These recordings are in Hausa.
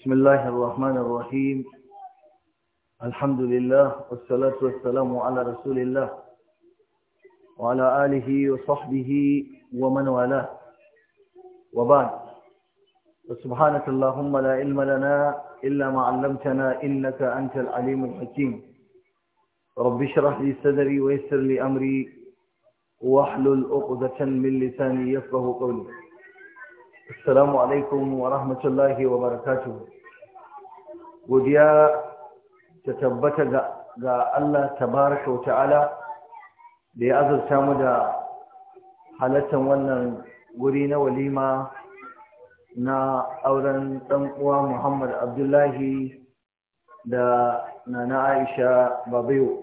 بسم الله الرحمن الرحيم الحمد لله والصلاة والسلام على رسول الله وعلى آله وصحبه ومن والاه وبعد سبحانك اللهم لا علم لنا إلا ما علمتنا إنك أنت العليم الحكيم رب اشرح لي صدري ويسر لي أمري واحلل عقدة من لساني يفقه قولي Assalamu alaikum wa rahmatullahi wa barakatuhu. Godiya ta tabbata ga Allah tabaraka wa ta'ala da ya azurta mu da halattar wannan guri na walima na auren ɗan uwa Muhammad Abdullahi da Nana Aisha Babayo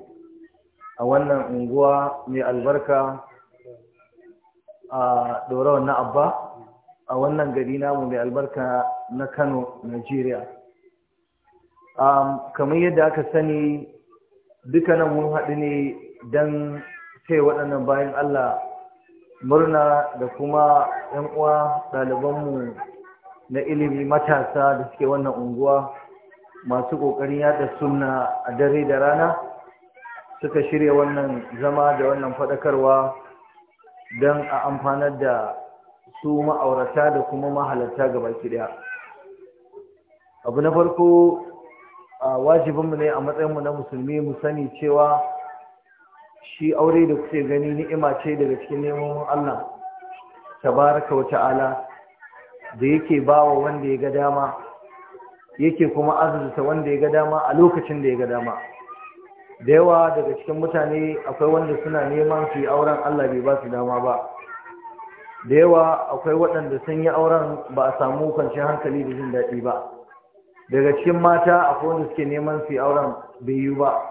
a wannan unguwa mai albarka a Dorawa na Abba. a wannan gari namu mai albarka na Kano, Nigeria. Um, kamar yadda aka sani duka nan mun haɗu ne don sai waɗannan bayan Allah murna da kuma ‘yan uwa ɗalibanmu na ilimi matasa da suke wannan unguwa masu ƙoƙarin yada sunna a dare da rana suka shirya wannan zama da wannan faɗakarwa don a amfanar da su ma'aurata da kuma mahalarta gaba baki daya abu na farko a wajibinmu ne a matsayinmu na musulmi mu sani cewa shi aure da kuke gani ni'ima ce daga cikin neman Allah tabaraka wa ta'ala da yake bawa wanda ya ga dama yake kuma azurta wanda ya ga dama a lokacin da ya ga dama da yawa daga cikin mutane akwai wanda suna neman su yi auren Allah bai ba su dama ba da yawa akwai waɗanda sun yi auren ba a samu kwanciyar hankali da jin daɗi ba daga cikin mata akwai wanda suke neman su yi auren bai yi ba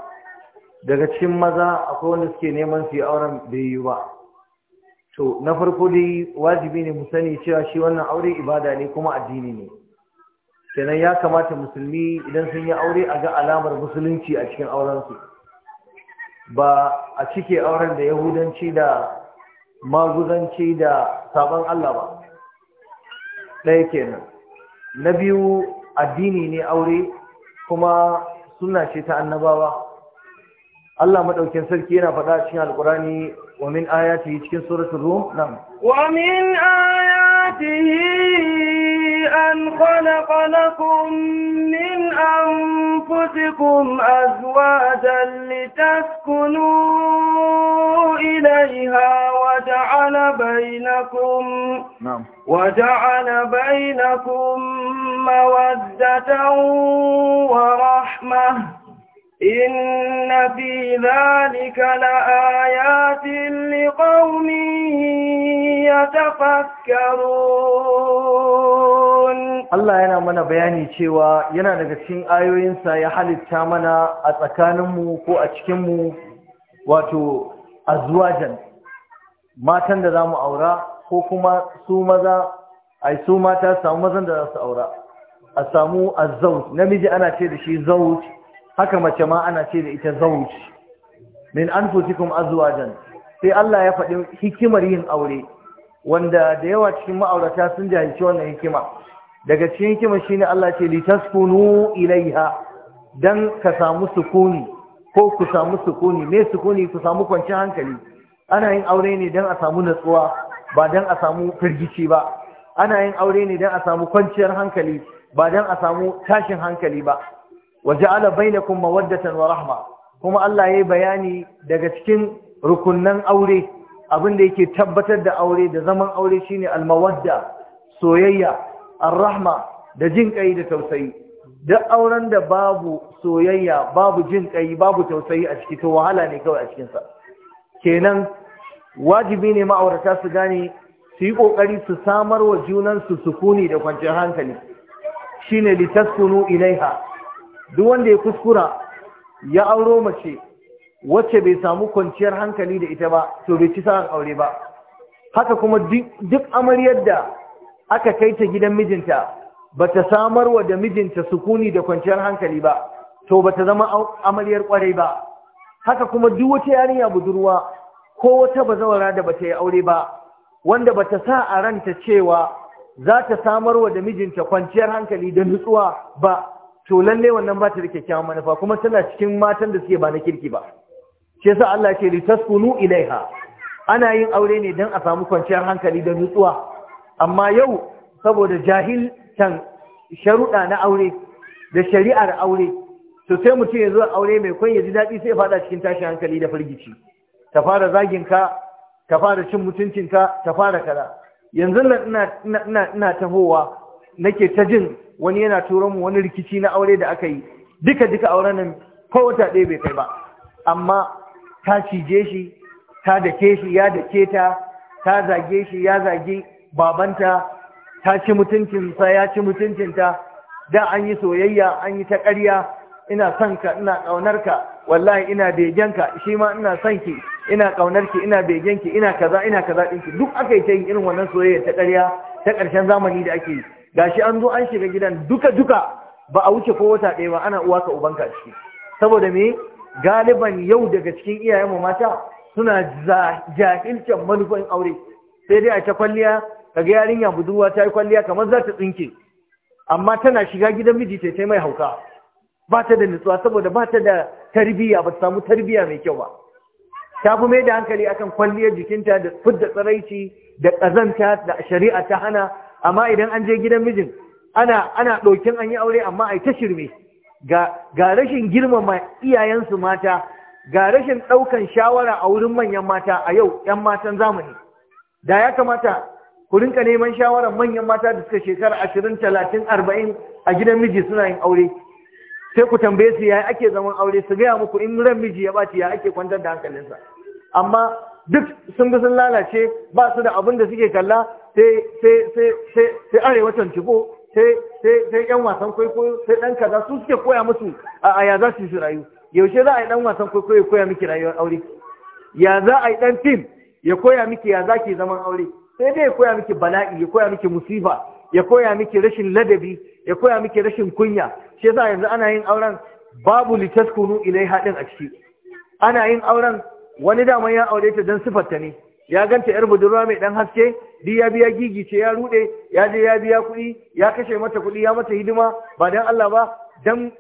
daga cikin maza akwai wanda suke neman su yi auren bai yi ba to na farko dai wajibi ne mu sani cewa shi wannan aure ibada ne kuma addini ne kenan ya kamata musulmi idan sun yi aure a ga alamar musulunci a cikin aurensu ba a cike auren da yahudanci da maguzanci da sabon Allah ba ɗaya kenan na biyu addini ne aure kuma suna ce ta annabawa Allah maɗaukin sarki yana faɗa cikin alkurani wa min ayatihi cikin suratul rum nan wa min ayatihi an khalaqa lakum min أنفسكم أزواجا لتسكنوا إليها وجعل بينكم نعم وجعل بينكم مودة ورحمة إن في ذلك لآيات لقوم يتفكرون الله yana mana bayani cewa yana daga cikin ayoyinsa ya halitta mana a tsakaninmu ko a cikinmu wato azwajan matan da za mu aura ko kuma su maza ai samu mazan da za su aura a samu azzauj namiji ana ce da shi zauj haka mace ma ana ce da ita zauci min anfusikum azwajan sai Allah ya faɗi hikimar yin aure wanda da yawa cikin ma'aurata sun jahilci wannan hikima daga cikin hikimar shine Allah ce litaskunu ilaiha dan ka samu sukuni ko ku samu sukuni me sukuni ku samu kwanciyar hankali ana yin aure ne dan a samu natsuwa ba dan a samu firgici ba ana yin aure ne dan a samu kwanciyar hankali ba dan a samu tashin hankali ba waja'ala bainakum mawaddatan wa rahma kuma Allah yayi bayani daga cikin rukunnan aure abin da yake tabbatar da aure da zaman aure shine almawadda soyayya arrahma da jin kai da tausayi duk auren da babu soyayya babu jin kai babu tausayi a ciki to wahala ne kawai a cikin sa kenan wajibi ne ma'aurata su gane su yi kokari su samar wa junan su sukuni da kwanciyar hankali shine litaskunu ilaiha duk wanda ya kuskura ya auro mace wacce bai samu kwanciyar hankali da ita ba to bai ci sa'an aure ba haka kuma duk amaryar da aka kai ta gidan mijinta ba ta samar wa da mijinta sukuni da kwanciyar hankali ba to ba ta zama amaryar kwarai ba haka kuma duk wata yarinya budurwa ko wata bazawara da bata yi aure ba wanda ba ta sa a ranta cewa za ta samar wa da mijinta kwanciyar hankali da nutsuwa ba to lalle wannan ba ta da kyakkyawan manufa kuma tana cikin matan da suke ba na kirki ba shi yasa Allah ce litaskunu ilaiha ana yin aure ne dan a samu kwanciyar hankali da nutsuwa amma yau saboda jahiltan sharuɗa na aure da shari'ar aure to sai mutum ya zo aure mai kwan ya ji daɗi sai faɗa cikin tashin hankali da firgici ta fara zagin ka ta fara cin mutuncinka ta fara kaza yanzu ina tahowa nake ta jin wani yana turo mu wani rikici na aure da aka yi duka duka auren nan ko wata ɗaya bai kai ba amma ta cije shi ta dake shi ya dake ta ta zage shi ya zage babanta ta ci mutuncin sa ya ci mutuncin ta, da an yi soyayya an yi ta ƙarya ina son ka ina ƙaunar ka wallahi ina begen ka shi ma ina son ki ina ƙaunar ki ina begen ki ina kaza ina kaza ɗinki duk aka yi ta yin irin wannan soyayya ta ƙarya ta ƙarshen zamani da ake yi shi an zo an shiga gidan duka duka ba a wuce ko wata ɗaya ba ana uwa ka ubanka ciki saboda me galiban yau daga cikin iyayenmu mata suna jahilcin manufan aure sai dai a ta kwalliya kaga yarinya budurwa ta yi kwalliya kamar za ta tsinke amma tana shiga gidan miji ta ta mai hauka ba ta da nutsuwa saboda ba ta da tarbiyya ba ta samu tarbiyya mai kyau ba ta fi mai da hankali akan kwalliyar jikinta da fudda tsaraici da ƙazanta da shari'a ta hana amma idan an je gidan mijin ana ana ɗokin an yi aure amma yi ta shirme ga ga rashin girmama iyayensu mata ga rashin ɗaukan shawara a wurin manyan mata a yau 'yan matan zamani da ya kamata ku rinka neman shawarar manyan mata da suka shekara ashirin talatin arba'in a gidan miji suna yin aure sai ku tambaye su yaya ake zaman aure su gaya muku in ran miji ya ɓaci ya ake kwantar da hankalinsa amma duk sun bi sun lalace ba su da abin da suke kalla sai arewacin ciko sai yan wasan kwaikwayo sai ɗan kaza su suke koya musu a ya za su yi rayu yaushe za a yi ɗan wasan kwaikwayo ya koya miki rayuwar aure ya za a yi ɗan fim ya koya miki ya za ki zaman aure sai dai ya koya miki bala'i ya koya miki musifa ya koya miki rashin ladabi ya koya miki rashin kunya shi yasa yanzu ana yin auren babu litaskunu ilai haɗin a ciki ana yin auren wani dama ya aure ta don sifarta ne ya ganta yar budurwa mai ɗan haske duk ya biya gigi ce ya rude ya je ya biya kuɗi ya kashe mata kuɗi ya mata hidima ba dan Allah ba dan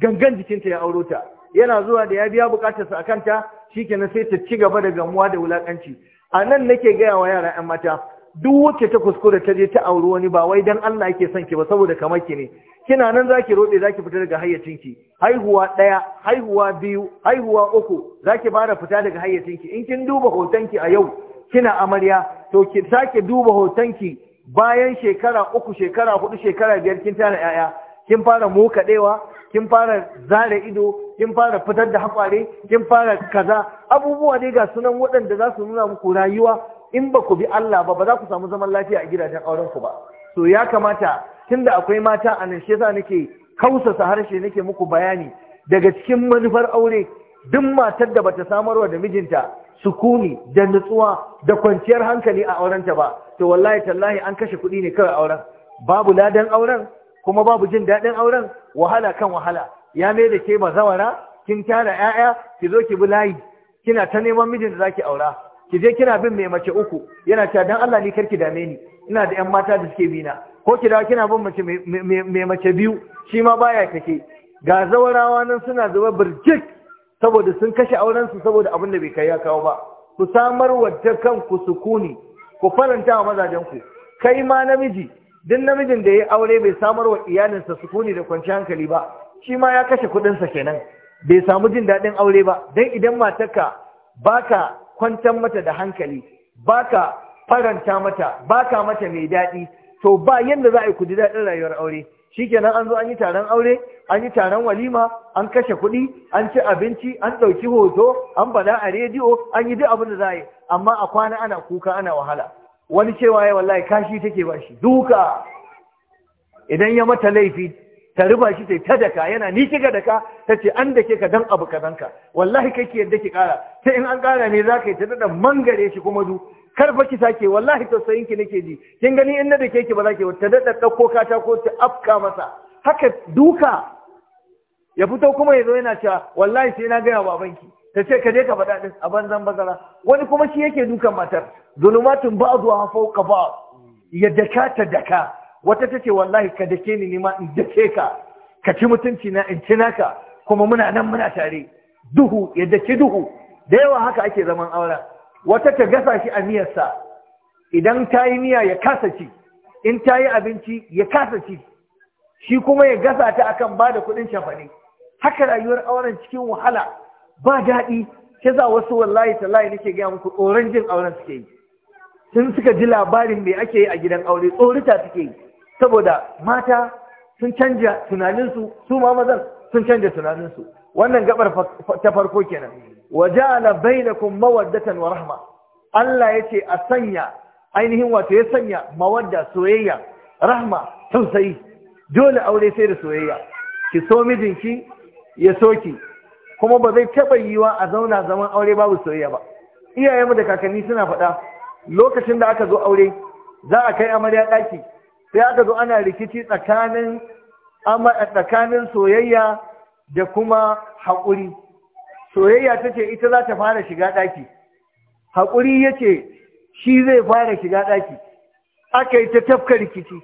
gangan jikinta ya auro ta yana zuwa da ya biya bukatarsa a kanta shikenan sai ta ci gaba da gamuwa da wulakanci a nan nake gaya wa yara 'yan mata duk wacce ta kuskure ta je ta auri wani ba wai dan Allah yake son ki ba saboda kamar ki ne kina nan zaki rode zaki fita daga hayyacinki haihuwa daya haihuwa biyu haihuwa uku zaki fara fita daga hayyacinki in kin duba hotonki a yau kina amarya to ki sake duba hotonki bayan shekara uku shekara hudu shekara biyar kin tara yaya kin fara mukadewa kin fara zare ido kin fara fitar da hakware kin fara kaza abubuwa dai ga sunan waɗanda za su nuna muku rayuwa in ba ku bi Allah ba ba za ku samu zaman lafiya a gidajen auren ku ba To ya kamata tunda akwai mata a nan shi yasa nake kausasa harshe nake muku bayani daga cikin manufar aure duk matar da bata samarwa da mijinta sukuni da nutsuwa da kwanciyar hankali a aurenta ba to wallahi tallahi an kashe kuɗi ne kawai auren babu ladan auren kuma babu jin daɗin auren wahala kan wahala ya mai da ke zawara? kin tara 'ya'ya ki zo ki bi layi kina ta neman mijin da zaki aura ki je kina bin mai mace uku yana cewa dan Allah ni karki dame ni ina da ƴan mata da suke bina ko ki dawo kina bin mace mai mace biyu shi ma baya kake ga zawarawa nan suna zuba birjik saboda sun kashe aurensu saboda abin da bai kai ya kawo ba ku samar kan kanku sukuni ku faranta wa mazajen ku kai ma namiji duk namijin da ya aure bai samar wa iyalinsa sukuni da kwanci hankali ba shi ma ya kashe sa kenan bai samu jin daɗin aure ba dan idan matarka baka kwantar mata da hankali baka faranta mata baka mata mai daɗi to ba yadda za a yi ku ji daɗin rayuwar aure shikenan an zo an yi taron aure an yi taron walima an kashe kuɗi an ci abinci an ɗauki hoto an bada a rediyo an yi duk abin da za yi amma a kwana ana kuka ana wahala wani cewa ya wallahi kashi take ba shi duka idan ya mata laifi ta ruba shi ta ta daka yana ni kika daka ta ce an dake ka dan abu kazan ka wallahi kake yadda ki kara sai in an kara ne za ka yi ta dada mangare shi kuma du kar fa ki sake wallahi sayin ki nake ji kin gani in na da ke ki ba za ki ta dada dauko kata ko ta afka masa haka duka ya fito kuma ya zo yana cewa wallahi sai na gaya wa babanki ta ce ka je ka faɗa ɗin a banzan bazara wani kuma shi yake dukan matar zulumatun ba zuwa ka ba ya daka ta daka wata ta ce wallahi ka dake ni nima in dake ka ka ci mutunci na in ci naka kuma muna nan muna tare duhu ya dake duhu da yawa haka ake zaman auren wata ta gasa shi a miyarsa idan ta yi miya ya kasa ci in ta yi abinci ya kasa ci shi kuma ya gasa ta akan ba da kuɗin shafane haka rayuwar auren cikin wahala ba daɗi ke za wasu wallahi tallahi nake gaya muku tsoron jin auren suke yi sun suka ji labarin me ake yi a gidan aure tsorita suke yi saboda mata sun canja tunaninsu su ma mazan sun canja tunaninsu wannan gabar ta farko kenan ja'ala bainakum mawaddatan wa rahma Allah yace a sanya ainihin wato ya sanya mawadda soyayya rahma tausayi dole aure sai da soyayya ki so mijinki ya soki kuma ba zai taɓa yiwa a zauna zaman aure babu soyayya ba iyayenmu da kakanni suna faɗa lokacin da aka zo aure za a kai amarya ɗaki sai aka zo ana rikici tsakanin tsakanin soyayya da kuma haƙuri soyayya ta ce ita za ta fara shiga ɗaki haƙuri ya ce shi zai fara shiga ɗaki aka yi ta tafka rikici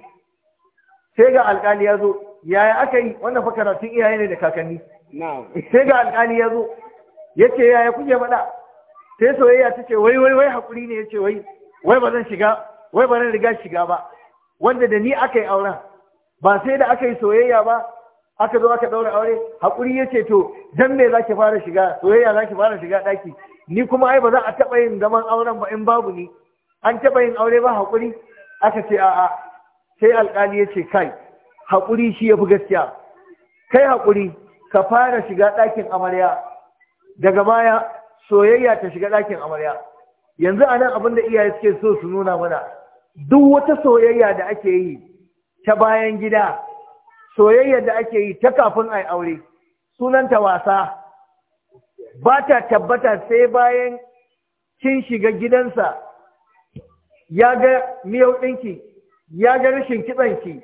sai ga alƙali ya zo yaya aka yi wannan fa karatun iyaye ne da kakanni sai ga alƙali ya zo ya ce yaya kuke faɗa sai soyayya ta ce wai wai wai haƙuri ne ya ce wai wai ba zan shiga wai ba zan riga shiga ba wanda da ni aka yi auren ba sai da aka yi soyayya ba aka zo aka ɗaura aure haƙuri ya ce to dan me za ki fara shiga soyayya za ki fara shiga ɗaki ni kuma ai ba za a taɓa yin zaman auren ba in babu ni an taɓa yin aure ba haƙuri aka ce a'a sai alƙali ya ce kai haƙuri shi ya fi gaskiya kai haƙuri ka fara shiga ɗakin amarya daga baya soyayya ta shiga ɗakin amarya yanzu a nan da iyaye suke so su nuna mana duk wata soyayya da ake yi ta bayan gida soyayya da ake yi ta kafin a yi aure sunanta wasa ba ta tabbata sai bayan kin shiga gidansa ya ga miyau ɗinki ya ga rashin kitsanki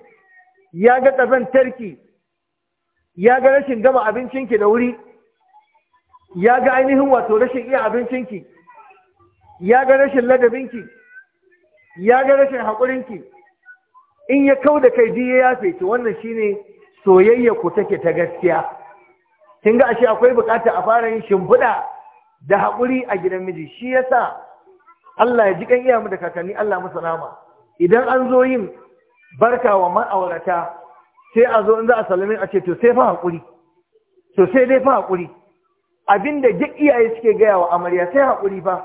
ya ga ƙazantarki ya ga rashin gama abincinki da wuri ya ga ainihin wato rashin iya abincinki ya ga rashin ladabinki ya ga rashin haƙurinki in ya kau da kai ya yafe ki wannan shine soyayya ku take ta gaskiya kin ga ashe akwai bukata a fara yin shimfiɗa da haƙuri a gidan miji shi yasa Allah ya ji kan iya mu da kakanni Allah masu nama idan an zo yin barka wa ma'aurata sai a zo in za a sallame a ce to sai fa haƙuri to sai dai fa haƙuri abinda duk iyaye suke gaya wa amarya sai haƙuri fa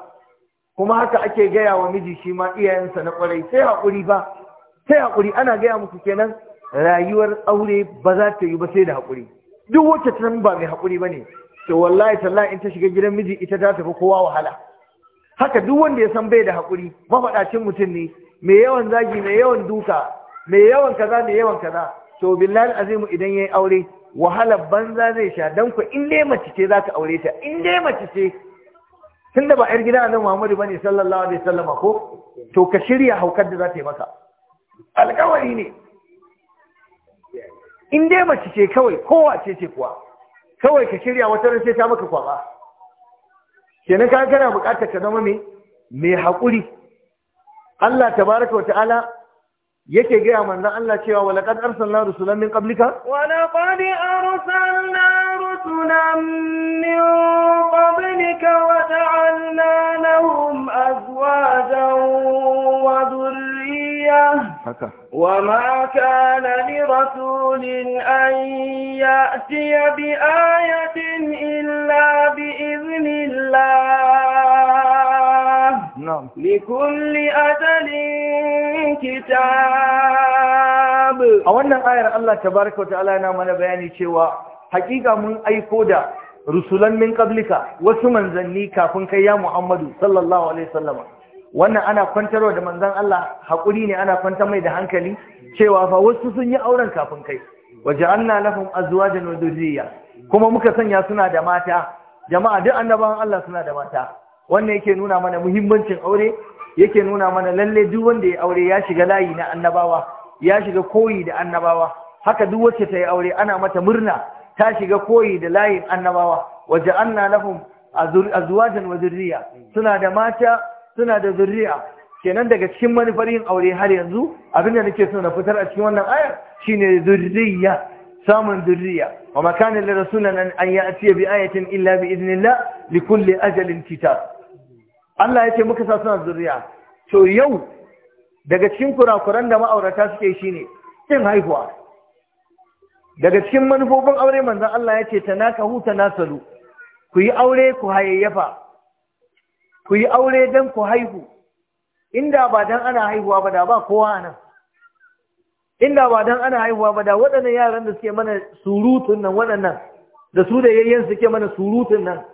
kuma haka ake gaya wa miji shi ma iyayensa na ƙwarai sai haƙuri fa sai haƙuri ana gaya muku kenan rayuwar aure ba za ta yi ba sai da haƙuri duk wacce ta ba mai haƙuri ba ne to wallahi tallahi in ta shiga gidan miji ita ta tafi kowa wahala haka duk wanda ya san bai da haƙuri mafaɗacin mutum ne mai yawan zagi mai yawan duka mai yawan kaza mai yawan kaza to billahi azimu idan yayi aure wahalar banza zai sha dan ku in dai mace ce zaka aure ta in dai mace ce tunda ba yar gidan Annabi Muhammadu bane sallallahu alaihi wasallam ko to ka shirya haukar da za ta yi maka alƙawari ne in dai mace ce kawai kowa ce ce kuwa kawai ka shirya wata ran sai ta maka kwaba kenan ka kana buƙatar ka zama me me haƙuri Allah tabaraka wa ta'ala yake gaya manzon Allah cewa wa laqad arsalna rusulan min qablika wa laqad arsalna rusulan min qablika wa ja'alna lahum azwajan wa dhurriyyah haka wa ma kana li rasulin an ya'tiya bi ayatin illa bi idhnillah نعم لكل أجل كتاب أولا آية الله تبارك وتعالى أنا من بياني شوى حقيقة من أي كودة رسولا من قبلك وسمن زني كافن يا محمد صلى الله عليه وسلم wannan ana kwantarwa da manzon Allah hakuri ne ana kwantar mai da hankali cewa fa wasu sun yi auren kafin kai waja'alna lahum azwajan wa dhurriyya kuma muka sanya suna da mata jama'a duk annabawan Allah suna da mata wannan yake nuna mana muhimmancin aure yake nuna mana lalle duk wanda ya aure ya shiga layi na annabawa ya shiga koyi da annabawa haka duk wacce ta yi aure ana mata murna ta shiga koyi da layin annabawa waje na lahum azwajan wa zurriya suna da mata suna da zurriya kenan daga cikin manufar yin aure har yanzu abin da nake so na fitar a cikin wannan ayar shine zurriya samun zurriya wa rasu na nan an yi a ya'tiya bi ayatin illa bi li kulli ajalin kitab Allah ya ce muka sa suna zuriya to yau daga cikin kurakuran da ma'aurata suke shi ne, kin haihuwa daga cikin manufofin aure manzon Allah ya ce huta nasalu ku yi aure ku hayayyafa ku yi aure dan ku haihu inda ba dan ana haihuwa ba da ba kowa nan inda ba dan ana haihuwa ba da waɗannan yaran da suke mana surutun nan waɗannan da su da yayyen suke mana surutun nan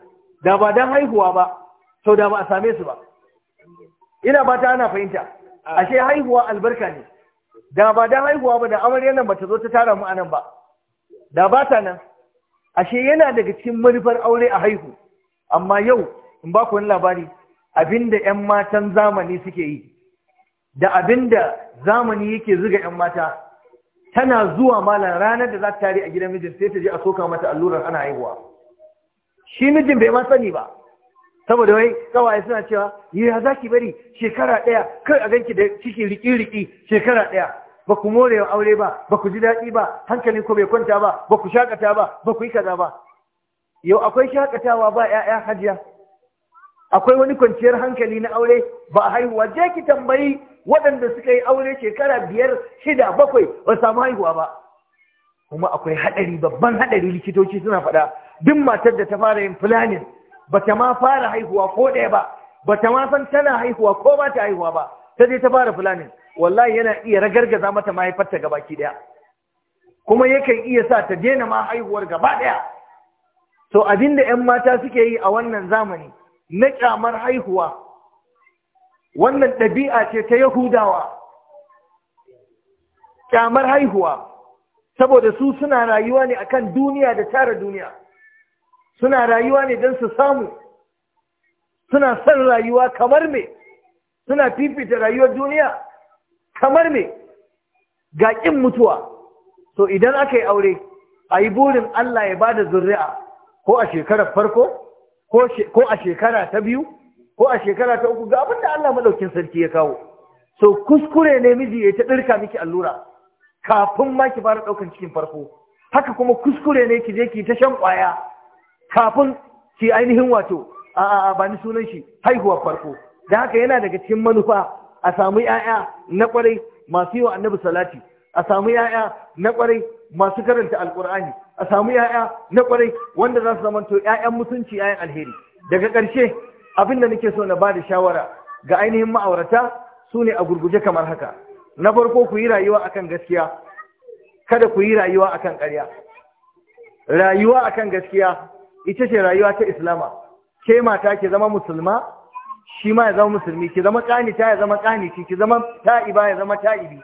da ba don haihuwa ba sau da ba a same su ba ina ba ta ana fahimta ah. ashe haihuwa albarka ne da ba da haihuwa ba da amaryar nan ba ta zo ta tara mu anan ba da ba ta nan ashe yana daga cikin manufar aure a haihu amma yau in ba ku wani labari abinda 'yan matan zamani suke yi da abinda zamani yake zuga 'yan mata tana zuwa malam ranar da za ta tare a gidan mijin sai ta je a soka mata allurar ana haihuwa shi mijin bai ma sani ba saboda wai kawaye suna cewa ya za ki bari shekara ɗaya kar a ganki da ciki riki-riki shekara ɗaya ba ku more wa aure ba ba ku ji daɗi ba hankali ku bai kwanta ba ba ku shakata ba ba ku yi kaza ba yau akwai shakatawa ba 'ya'ya hajiya akwai wani kwanciyar hankali na aure ba a haihuwa je ki tambayi waɗanda suka yi aure shekara biyar shida bakwai ba samu haihuwa ba kuma akwai haɗari babban haɗari likitoci suna faɗa duk matar da ta fara yin planning Ba ta ma fara haihuwa ko ɗaya ba ba ta ma san tana haihuwa ko ba ta haihuwa ba ta je ta fara fulani. wallahi yana iya ragar ragargaza mata mahaifarta gaba ki ɗaya kuma yakan iya sa ta daina ma haihuwar gaba ɗaya to abinda 'yan mata suke yi a wannan zamani na kyamar haihuwa wannan ɗabi'a ce ta yahudawa ƙyamar haihuwa saboda su suna rayuwa ne akan duniya da tara duniya suna rayuwa ne don su samu suna son rayuwa kamar me suna fifita rayuwar duniya kamar me ga ƙin mutuwa so idan aka yi aure a yi burin Allah ya ba da zuri'a ko a shekarar farko ko a shekara ta biyu ko a shekara ta uku ga abin da Allah maɗaukin sarki ya kawo so kuskure ne miji ya ta ɗirka miki allura kafin ma ki fara ɗaukar cikin farko haka kuma kuskure ne ki je ki ta shan ƙwaya kafin ki ainihin wato a bani sunan shi haihuwar farko da haka yana daga cikin manufa a samu ‘ya'ya na ƙwarai masu yi wa annabi salati a samu ‘ya'ya na ƙwarai masu karanta alkur'ani a samu ‘ya'ya na ƙwarai wanda za su zamanto ‘ya'yan mutunci ‘ya'yan alheri daga ƙarshe abin da nake so na ba da shawara ga ainihin ma'aurata su ne a gurguje kamar haka na farko ku yi rayuwa akan gaskiya kada ku yi rayuwa akan ƙarya rayuwa akan gaskiya ita ce rayuwa ta islama ke mata ke zama musulma shi ma ya zama musulmi ki zama kanita ya zama kaniti ki zama ta'iba ya zama ta'ibi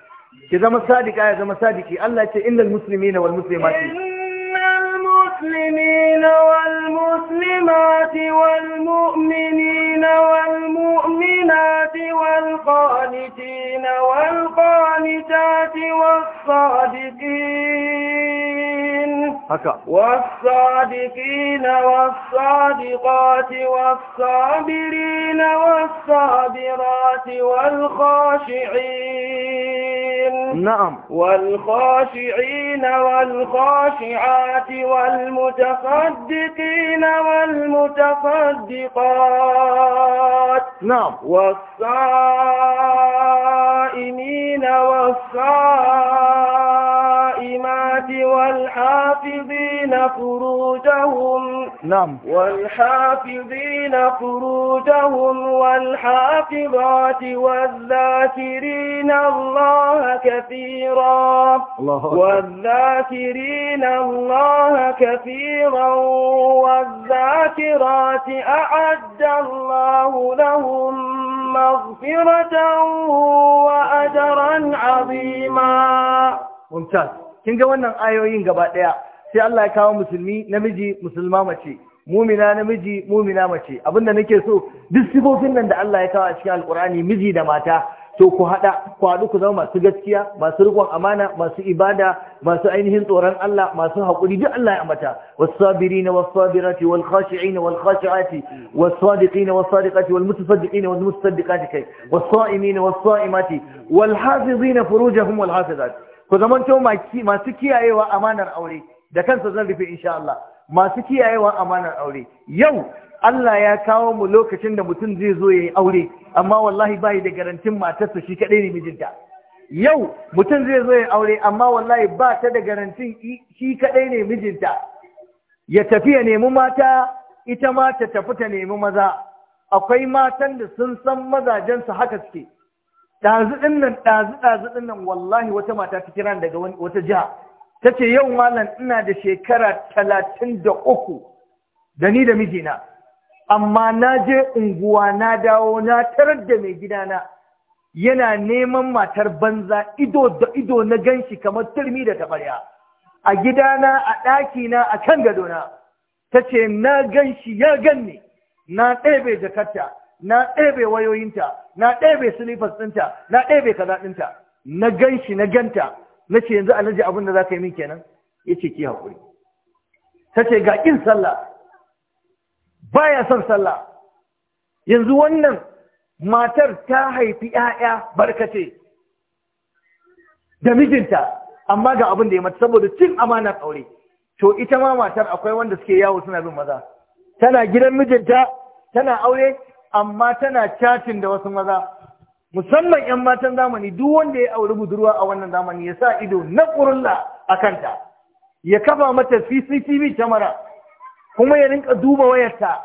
ki zama sadika ya zama sadiki Allah ce innal muslimina wal muslimati innal muslimina wal muslimati wal mu'minina wal mu'minati wal qanitina wal qanitati was sadiqin والصادقين والصادقات والصابرين والصابرات والخاشعين نعم والخاشعين والخاشعات والمتصدقين والمتصدقات نعم والصائمين والصائمين والحافظات والحافظين فروجهم نعم والحافظين فروجهم والحافظات والذاكرين الله كثيرا الله والذاكرين الله كثيرا والذاكرات أعد الله لهم مغفرة وأجرا عظيما ممتاز kin ga wannan ayoyin gaba ɗaya sai Allah ya kawo musulmi namiji musulma mace mumina namiji mumina mace abinda nake so duk sifofin nan da Allah ya kawo a cikin alkur'ani miji da mata to ku haɗa ku haɗu ku zama masu gaskiya masu riƙon amana masu ibada masu ainihin tsoron Allah masu hakuri duk Allah ya amata was-sabirin was-sabirati wal-khashi'in wal-khashi'ati was-sadiqin was-sadiqati wal-mutasaddiqin wal-mutasaddiqati kai was-sa'imin was-sa'imati wal-hafizin furujahum wal-hafizat ku zamanto masu kiyayewa amanar aure da kansa zan rufe insha Allah masu kiyayewa amanar aure yau Allah ya kawo mu lokacin da mutum zai zo ya yi aure amma wallahi bai da garantin matarsa shi kadai ne mijinta yau mutum zai zo ya aure amma wallahi ba ta da garantin shi kadai ne mijinta ya tafi ya nemi mata ita ma ta tafi ta nemi maza akwai matan da sun san su haka suke ɗazu ɗin nan ɗazu ɗazu ɗin nan wallahi wata mata ta kira daga wata jiha ta ce yau malam ina da shekara talatin da uku da ni da mijina amma na je unguwa na dawo na tarar da mai gidana yana neman matar banza ido da ido na ganshi kamar turmi da tabarya a gidana a ɗakina a kan gadona ta ce na ganshi ya ganni na ɗebe jakarta na ɗebe wayoyinta na ɗebe silifas ɗinta na ɗebe kaza ɗinta na gan shi na ganta na ce yanzu alhaji abin da za ka yi min kenan ya ce ki haƙuri ta ce ga ƙin sallah ya son sallah yanzu wannan matar ta haifi ‘ya'ya barkace da mijinta amma ga abin da ya mata saboda cin amanar aure to ita ma matar akwai wanda suke yawo suna bin maza tana gidan mijinta tana aure amma tana catin da wasu maza musamman 'yan matan zamani duk wanda ya auri budurwa a wannan zamani ya sa ido na ƙurulla a kanta ya kafa mata cctv kyamara kuma ya rinka duba wayarta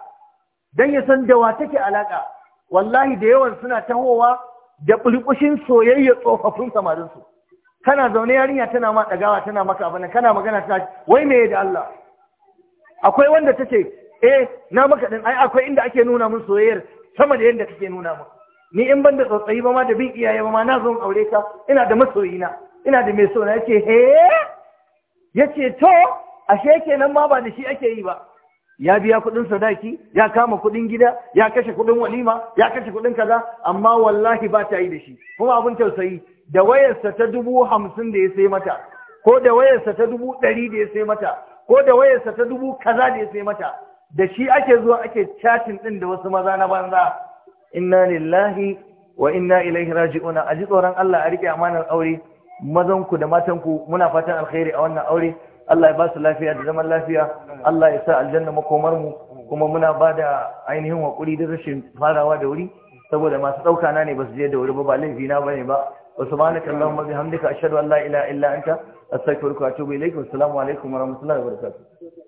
don ya san da wa take alaƙa wallahi da yawan suna tahowa da ɓulɓushin soyayya tsofaffin samarinsu kana zaune yarinya tana ma ɗagawa tana maka abin kana magana ta wai me da Allah akwai wanda ta ce eh na maka din ai akwai inda ake nuna min soyayyar sama da yadda kake nuna min ni in ban da tsotsayi ba ma da bin iyaye ba ma na zo aure ka ina da na. ina da mai sona yace he yace to ashe nan ma ba da shi ake yi ba ya biya kuɗin sadaki ya kama kuɗin gida ya kashe kuɗin walima ya kashe kuɗin kaza amma wallahi ba ta yi da shi kuma abin tausayi da wayarsa ta dubu hamsin da ya sai mata ko da wayarsa ta dubu ɗari da ya sai mata ko da wayarsa ta dubu kaza da ya sai mata da shi ake zuwa ake chatin din da wasu maza na banza inna lillahi wa inna ilaihi raji'una a ji tsoron Allah a rike amanar aure mazan ku da matan ku muna fatan alkhairi a wannan aure Allah ya ba su lafiya da zaman lafiya Allah ya sa aljanna makomar mu kuma muna ba da ainihin hakuri da rashin farawa da wuri saboda masu dauka na ne ba su je da wuri ba ba laifi na bane ba wa subhanaka allahumma bihamdika ashhadu an la ilaha illa anta astaghfiruka wa atubu ilaik wa assalamu alaikum wa rahmatullahi wa barakatuh